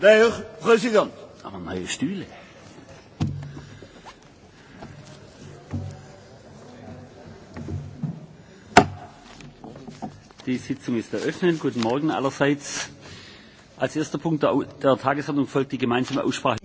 De heer president. Ah, Aan mijn stuur. Die Sitzung ist eröffnet. Guten Morgen allerseits. Als erster Punkt der, der Tagesordnung folgt die gemeinsame Aussprache.